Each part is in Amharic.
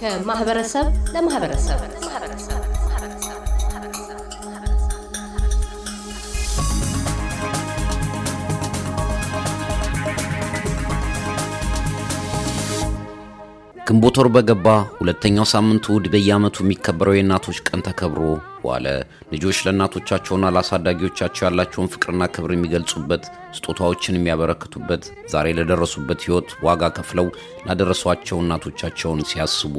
ከማህበረሰብ ለማህበረሰብ ግንቦት ወር በገባ ሁለተኛው ሳምንት እሁድ በየዓመቱ የሚከበረው የእናቶች ቀን ተከብሮ ዋለ። ልጆች ለእናቶቻቸውና ለአሳዳጊዎቻቸው ያላቸውን ፍቅርና ክብር የሚገልጹበት፣ ስጦታዎችን የሚያበረክቱበት፣ ዛሬ ለደረሱበት ሕይወት ዋጋ ከፍለው ላደረሷቸው እናቶቻቸውን ሲያስቡ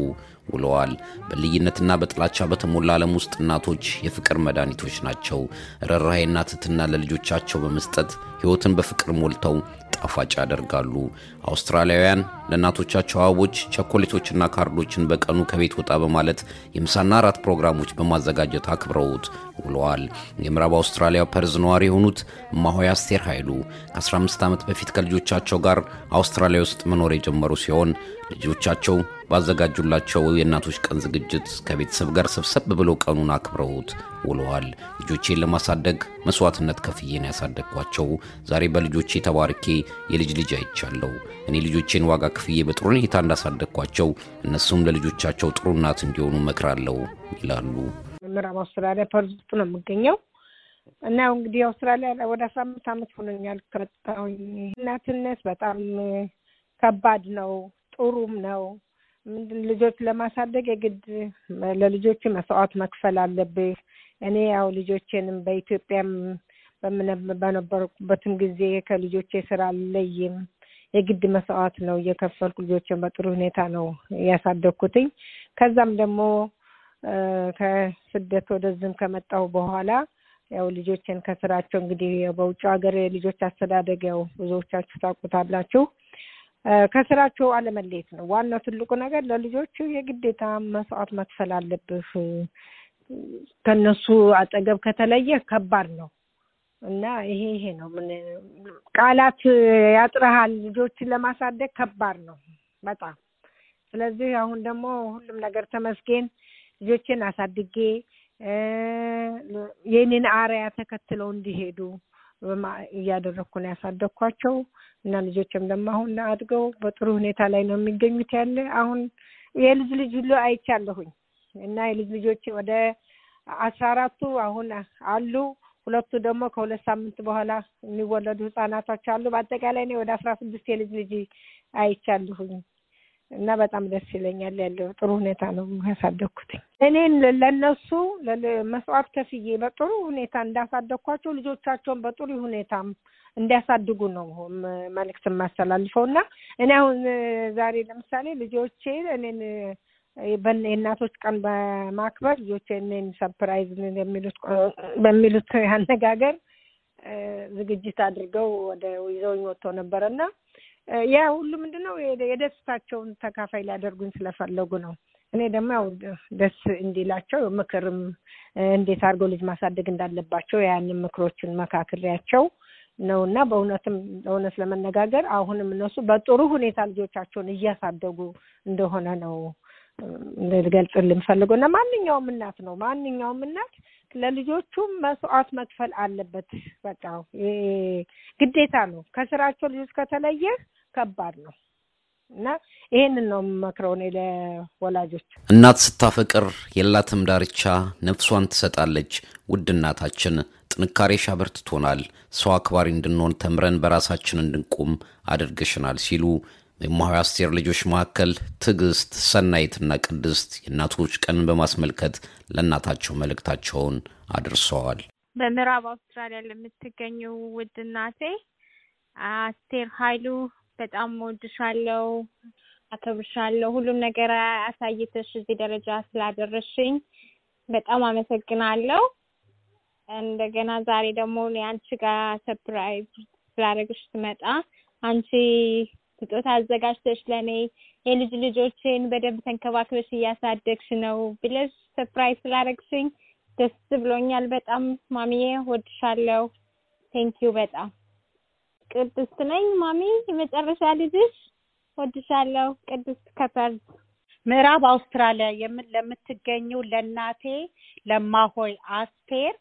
ውለዋል። በልዩነትና በጥላቻ በተሞላ ዓለም ውስጥ እናቶች የፍቅር መድኃኒቶች ናቸው። ርኅራኄና ትትና ለልጆቻቸው በመስጠት ሕይወትን በፍቅር ሞልተው ጣፋጭ ያደርጋሉ። አውስትራሊያውያን ለእናቶቻቸው አበቦች፣ ቸኮሌቶችና ካርዶችን በቀኑ ከቤት ወጣ በማለት የምሳና አራት ፕሮግራሞች በማዘጋጀት አክብረውት ውለዋል። የምዕራብ አውስትራሊያ ፐርዝ ነዋሪ የሆኑት ማሆይ አስቴር ኃይሉ ከ15 ዓመት በፊት ከልጆቻቸው ጋር አውስትራሊያ ውስጥ መኖር የጀመሩ ሲሆን ልጆቻቸው ባዘጋጁላቸው የእናቶች ቀን ዝግጅት ከቤተሰብ ጋር ሰብሰብ ብለው ቀኑን አክብረውት ውለዋል። ልጆቼን ለማሳደግ መስዋዕትነት ከፍዬ ነው ያሳደግኳቸው። ዛሬ በልጆቼ ተባርኬ የልጅ ልጅ አይቻለሁ። እኔ ልጆቼን ዋጋ ክፍዬ በጥሩ ሁኔታ እንዳሳደግኳቸው እነሱም ለልጆቻቸው ጥሩ እናት እንዲሆኑ መክራለሁ ይላሉ። ምዕራብ አውስትራሊያ ፐርዝ ውስጥ ነው የምገኘው እና እንግዲህ አውስትራሊያ ወደ አስራ አምስት ዓመት ሆነኛል ከመጣሁኝ። እናትነት በጣም ከባድ ነው፣ ጥሩም ነው ምንድን ልጆች ለማሳደግ የግድ ለልጆች መስዋዕት መክፈል አለብህ። እኔ ያው ልጆቼንም በኢትዮጵያም በነበርኩበትም ጊዜ ከልጆቼ ስራ አልለይም። የግድ መስዋዕት ነው እየከፈልኩ ልጆችን በጥሩ ሁኔታ ነው እያሳደግኩትኝ። ከዛም ደግሞ ከስደት ወደዝም ከመጣሁ በኋላ ያው ልጆችን ከስራቸው እንግዲህ በውጭ ሀገር የልጆች አስተዳደግ ያው ብዙዎቻችሁ ታውቁታላችሁ። ከስራቸው አለመለየት ነው ዋናው ትልቁ ነገር። ለልጆች የግዴታ መስዋዕት መክፈል አለብህ። ከነሱ አጠገብ ከተለየ ከባድ ነው እና ይሄ ይሄ ነው ምን ቃላት ያጥረሃል። ልጆችን ለማሳደግ ከባድ ነው በጣም። ስለዚህ አሁን ደግሞ ሁሉም ነገር ተመስገን፣ ልጆችን አሳድጌ የኔን አርያ ተከትለው እንዲሄዱ እያደረግኩ ነው ያሳደግኳቸው እና ልጆችም ደግሞ አሁን አድገው በጥሩ ሁኔታ ላይ ነው የሚገኙት። ያለ አሁን የልጅ ልጅ ሁሉ አይቻለሁኝ እና የልጅ ልጆች ወደ አስራ አራቱ አሁን አሉ። ሁለቱ ደግሞ ከሁለት ሳምንት በኋላ የሚወለዱ ህጻናቶች አሉ። በአጠቃላይ እኔ ወደ አስራ ስድስት የልጅ ልጅ አይቻለሁኝ። እና በጣም ደስ ይለኛል። ያለው ጥሩ ሁኔታ ነው ያሳደግኩትኝ። እኔን ለነሱ መስዋዕት ከፍዬ በጥሩ ሁኔታ እንዳሳደግኳቸው ልጆቻቸውን በጥሩ ሁኔታም እንዲያሳድጉ ነው መልእክት የማስተላልፈው እና እኔ አሁን ዛሬ ለምሳሌ ልጆቼ እኔን የእናቶች ቀን በማክበር ልጆቼ እኔን ሰርፕራይዝ በሚሉት አነጋገር ዝግጅት አድርገው ወደ ይዘውኝ ወጥቶ ነበረ እና ያ ሁሉ ምንድን ነው የደስታቸውን ተካፋይ ሊያደርጉኝ ስለፈለጉ ነው። እኔ ደግሞ ያው ደስ እንዲላቸው ምክርም እንዴት አድርገው ልጅ ማሳደግ እንዳለባቸው ያንን ምክሮችን መካክሪያቸው ነው እና በእውነትም እውነት ለመነጋገር አሁንም እነሱ በጥሩ ሁኔታ ልጆቻቸውን እያሳደጉ እንደሆነ ነው ልገልጽልህ የምፈልገው እና ማንኛውም እናት ነው ማንኛውም እናት ለልጆቹም መስዋዕት መክፈል አለበት። በቃ ግዴታ ነው። ከስራቸው ልጆች ከተለየ ከባድ ነው እና ይሄንን ነው መክረው እኔ ለወላጆች። እናት ስታፈቅር የላትም ዳርቻ፣ ነፍሷን ትሰጣለች። ውድ እናታችን ጥንካሬሽ ትሆናል ሰው አክባሪ እንድንሆን ተምረን በራሳችን እንድንቆም አድርገሽናል ሲሉ የእማሆይ አስቴር ልጆች መካከል ትዕግስት፣ ሰናይትና ቅድስት የእናቶች ቀንን በማስመልከት ለእናታቸው መልእክታቸውን አድርሰዋል። በምዕራብ አውስትራሊያ ለምትገኘው ውድ እናቴ አስቴር ኃይሉ በጣም ወድሻለሁ፣ አከብርሻለሁ። ሁሉም ነገር አሳይተሽ እዚህ ደረጃ ስላደረሽኝ በጣም አመሰግናለሁ። እንደገና ዛሬ ደግሞ አንቺ ጋር ሰፕራይዝ ስላደረግሽ ስመጣ አንቺ ስጦታ አዘጋጅተሽ ለእኔ የልጅ ልጆችን በደንብ ተንከባክበሽ እያሳደግሽ ነው ብለሽ ሰፕራይዝ ስላደረግሽኝ ደስ ብሎኛል። በጣም ማሚዬ ወድሻለሁ። ቴንኪዩ በጣም ቅድስት ነኝ ማሚ። የመጨረሻ ልጅሽ ወድሻለሁ። ቅድስት ከፐርዝ ምዕራብ አውስትራሊያ የምን ለምትገኘው ለእናቴ ለማሆይ አስቴር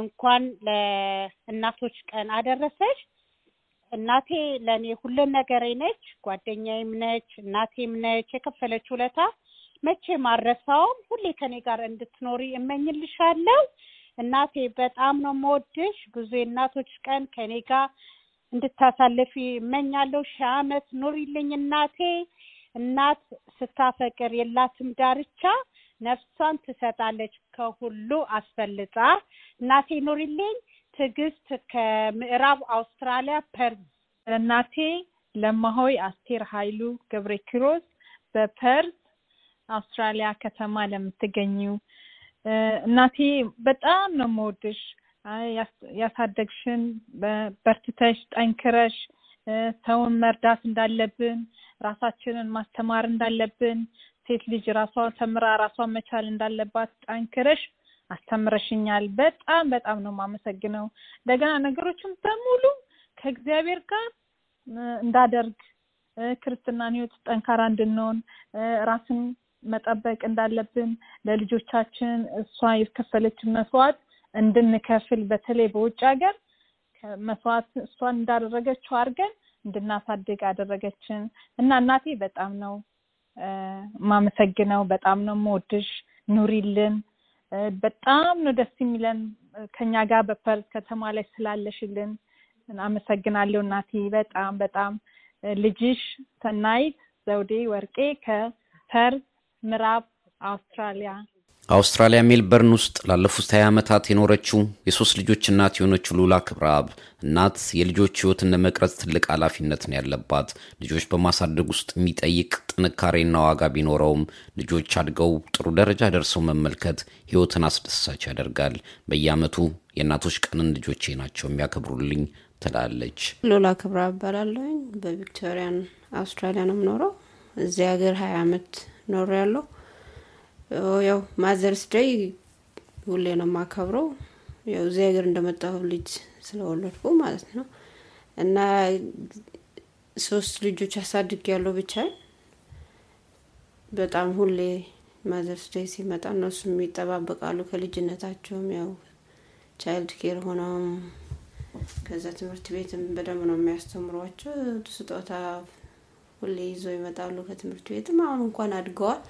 እንኳን ለእናቶች ቀን አደረሰች እናቴ ለእኔ ሁሉም ነገሬ ነች። ጓደኛዬም ነች፣ እናቴም ነች። የከፈለች ውለታ መቼ ማረሳውም ሁሌ ከኔ ጋር እንድትኖሪ እመኝልሻለሁ። እናቴ በጣም ነው የምወድሽ። ብዙ የእናቶች ቀን ከኔ ጋር እንድታሳልፊ እመኛለሁ። ሺህ ዓመት ኑሪልኝ እናቴ። እናት ስታፈቅር የላትም ዳርቻ፣ ነፍሷን ትሰጣለች ከሁሉ አስፈልጣ። እናቴ ኑሪልኝ። ትዕግስት ከምዕራብ አውስትራሊያ ፐርዝ። እናቴ ለማሆይ አስቴር ኃይሉ ገብረ ኪሮስ በፐርዝ አውስትራሊያ ከተማ ለምትገኙ እናቴ በጣም ነው የምወድሽ። ያሳደግሽን በርትተሽ ጠንክረሽ ሰውን መርዳት እንዳለብን፣ ራሳችንን ማስተማር እንዳለብን፣ ሴት ልጅ ራሷ ተምራ ራሷን መቻል እንዳለባት ጠንክረሽ አስተምረሽኛል። በጣም በጣም ነው የማመሰግነው። እንደገና ነገሮችን በሙሉ ከእግዚአብሔር ጋር እንዳደርግ ክርስትናን ህይወት ጠንካራ እንድንሆን ራስን መጠበቅ እንዳለብን ለልጆቻችን እሷ የከፈለችን መስዋዕት እንድንከፍል በተለይ በውጭ ሀገር መስዋዕት እሷን እንዳደረገችው አድርገን እንድናሳድግ አደረገችን እና እናቴ በጣም ነው ማመሰግነው። በጣም ነው ሞድሽ ኑሪልን። በጣም ነው ደስ የሚለን ከኛ ጋር በፐርዝ ከተማ ላይ ስላለሽልን አመሰግናለሁ እናቴ። በጣም በጣም ልጅሽ ሰናይት ዘውዴ ወርቄ ከፐርዝ ምዕራብ አውስትራሊያ አውስትራሊያ ሜልበርን ውስጥ ላለፉት 20 ዓመታት የኖረችው የሶስት ልጆች እናት የሆነችው ሉላ ክብረአብ እናት የልጆች ሕይወትን ለመቅረጽ ትልቅ ኃላፊነት ነው ያለባት። ልጆች በማሳደግ ውስጥ የሚጠይቅ ጥንካሬና ዋጋ ቢኖረውም ልጆች አድገው ጥሩ ደረጃ ደርሰው መመልከት ሕይወትን አስደሳች ያደርጋል። በየዓመቱ የእናቶች ቀንን ልጆቼ ናቸው የሚያከብሩልኝ ትላለች። ሉላ ክብረአብ እባላለሁኝ። በቪክቶሪያን አውስትራሊያ ነው የምኖረው። እዚህ ሀገር 20 ዓመት ኖሮ ያለው ያው ማዘርስ ደይ ሁሌ ነው የማከብረው። ያው ሀገር እንደመጣሁ ልጅ ስለወለድኩ ማለት ነው እና ሶስት ልጆች አሳድግ ያለው ብቻ በጣም ሁሌ ማዘርስ ደይ ሲመጣ እነሱም ይጠባበቃሉ። ከልጅነታቸውም ያው ቻይልድ ኬር ሆነውም ከዛ ትምህርት ቤትም በደንብ ነው የሚያስተምሯቸው። ስጦታ ሁሌ ይዘው ይመጣሉ ከትምህርት ቤትም። አሁን እንኳን አድገዋል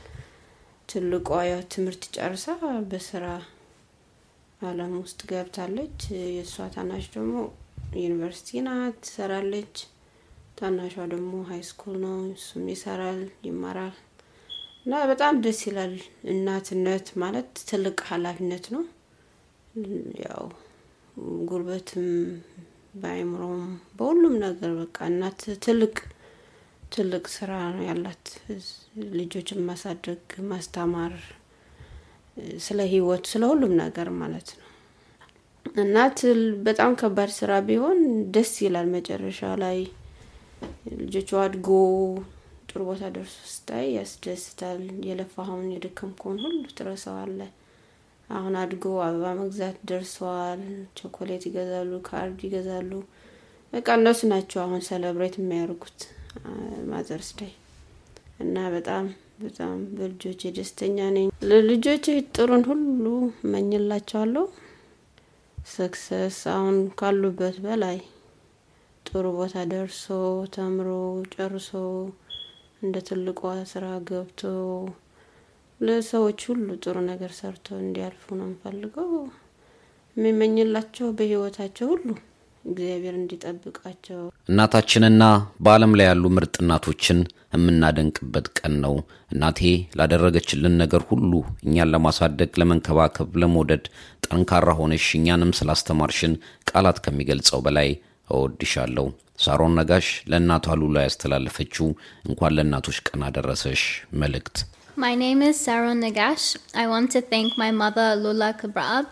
ትልቋ ያው ትምህርት ጨርሳ በስራ አለም ውስጥ ገብታለች። የእሷ ታናሽ ደግሞ ዩኒቨርሲቲ ናት ትሰራለች። ታናሿ ደግሞ ሀይ ስኩል ነው፣ እሱም ይሰራል ይማራል። እና በጣም ደስ ይላል። እናትነት ማለት ትልቅ ኃላፊነት ነው። ያው ጉልበትም በአይምሮም በሁሉም ነገር በቃ እናት ትልቅ ትልቅ ስራ ነው ያላት። ልጆችን ማሳደግ፣ ማስተማር፣ ስለ ህይወት፣ ስለ ሁሉም ነገር ማለት ነው። እናት በጣም ከባድ ስራ ቢሆን ደስ ይላል። መጨረሻ ላይ ልጆቹ አድጎ ጥሩ ቦታ ደርሶ ስታይ ያስደስታል። የለፋኸውን የደከምከውን ሁሉ ትረሳዋለህ። አሁን አድጎ አበባ መግዛት ደርሰዋል። ቸኮሌት ይገዛሉ፣ ካርድ ይገዛሉ። በቃ እነሱ ናቸው አሁን ሰለብሬት የሚያደርጉት። ማዘርስ ዴይ እና በጣም በጣም በልጆቼ ደስተኛ ነኝ። ለልጆቼ ጥሩን ሁሉ እመኝላቸዋለሁ። ሰክሰስ አሁን ካሉበት በላይ ጥሩ ቦታ ደርሶ ተምሮ ጨርሶ እንደ ትልቋ ስራ ገብቶ ለሰዎች ሁሉ ጥሩ ነገር ሰርቶ እንዲያልፉ ነው የምፈልገው። የሚመኝላቸው በህይወታቸው ሁሉ እግዚአብሔር እንዲጠብቃቸው እናታችንና በዓለም ላይ ያሉ ምርጥ እናቶችን የምናደንቅበት ቀን ነው። እናቴ ላደረገችልን ነገር ሁሉ እኛን ለማሳደግ፣ ለመንከባከብ፣ ለመውደድ ጠንካራ ሆነሽ እኛንም ስላስተማርሽን ቃላት ከሚገልጸው በላይ እወድሻለሁ። ሳሮን ነጋሽ ለእናቷ ሉላ ያስተላለፈችው እንኳን ለእናቶች ቀን አደረሰሽ መልእክት ማይ ኔም is ሳሮን ነጋሽ አይ ዋንት ቱ thank ማይ ማዘር ሉላ ክብረአብ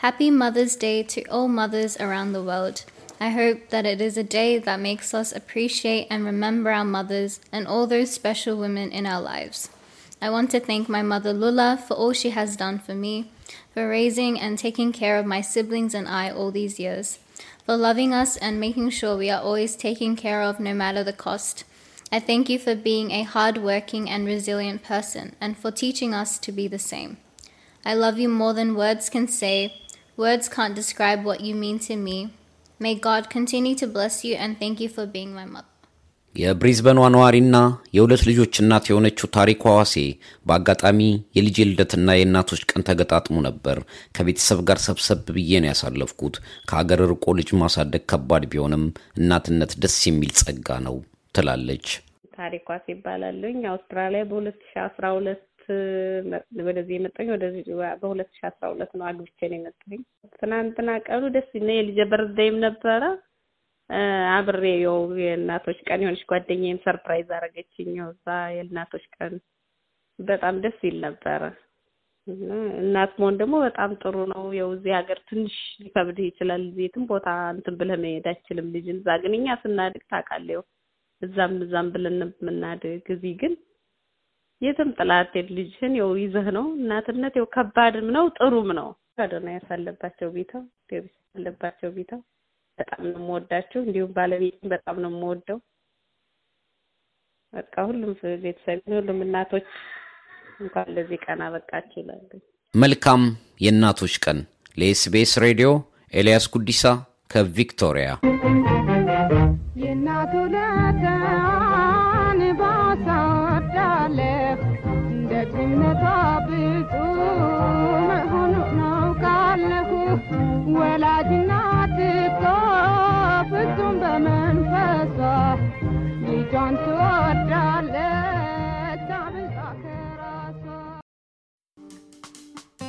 Happy Mother's Day to all mothers around the world. I hope that it is a day that makes us appreciate and remember our mothers and all those special women in our lives. I want to thank my mother Lula for all she has done for me, for raising and taking care of my siblings and I all these years, for loving us and making sure we are always taken care of no matter the cost. I thank you for being a hardworking and resilient person and for teaching us to be the same. I love you more than words can say, Words can't describe what you mean to me. May God continue to bless you and thank you for being my mother. የብሪዝበኗ ነዋሪና የሁለት ልጆች እናት የሆነችው ታሪኳ ዋሴ በአጋጣሚ የልጅ ልደትና የእናቶች ቀን ተገጣጥሞ ነበር። ከቤተሰብ ጋር ሰብሰብ ብዬ ነው ያሳለፍኩት። ከሀገር ርቆ ልጅ ማሳደግ ከባድ ቢሆንም እናትነት ደስ የሚል ጸጋ ነው ትላለች። ታሪኳ ይባላሉኝ አውስትራሊያ በሁለት ሺ አስራ ሁለት ሁለት ወደዚህ የመጣኝ ወደዚህ በሁለት ሺ አስራ ሁለት ነው አግብቼ ነው የመጣኝ። ትናንትና ቀኑ ደስ ነ የልጄ በርዳይም ነበረ አብሬ የው የእናቶች ቀን የሆነች ጓደኛዬም ሰርፕራይዝ አደረገችኝ። እዛ የእናቶች ቀን በጣም ደስ ይል ነበረ። እናት መሆን ደግሞ በጣም ጥሩ ነው። ያው እዚህ ሀገር ትንሽ ሊከብድህ ይችላል። የትም ቦታ እንትን ብለህ መሄድ አይችልም ልጅን እዛ ግን እኛ ስናድግ ታውቃለህ፣ እዛም እዛም ብለን የምናድግ እዚህ ግን የትም ጥላት ልጅህን ው ይዘህ ነው እናትነት ው ከባድም ነው ጥሩም ነው። ካደና ያሳለባቸው ቤታ ያሳለባቸው ቤታ በጣም ነው የምወዳቸው። እንዲሁም ባለቤትም በጣም ነው የምወደው። በቃ ሁሉም ቤተሰብ ሁሉም እናቶች እንኳን ለዚህ ቀን አበቃችሁ ይላሉ። መልካም የእናቶች ቀን። ለኤስቢኤስ ሬዲዮ ኤልያስ ጉዲሳ ከቪክቶሪያ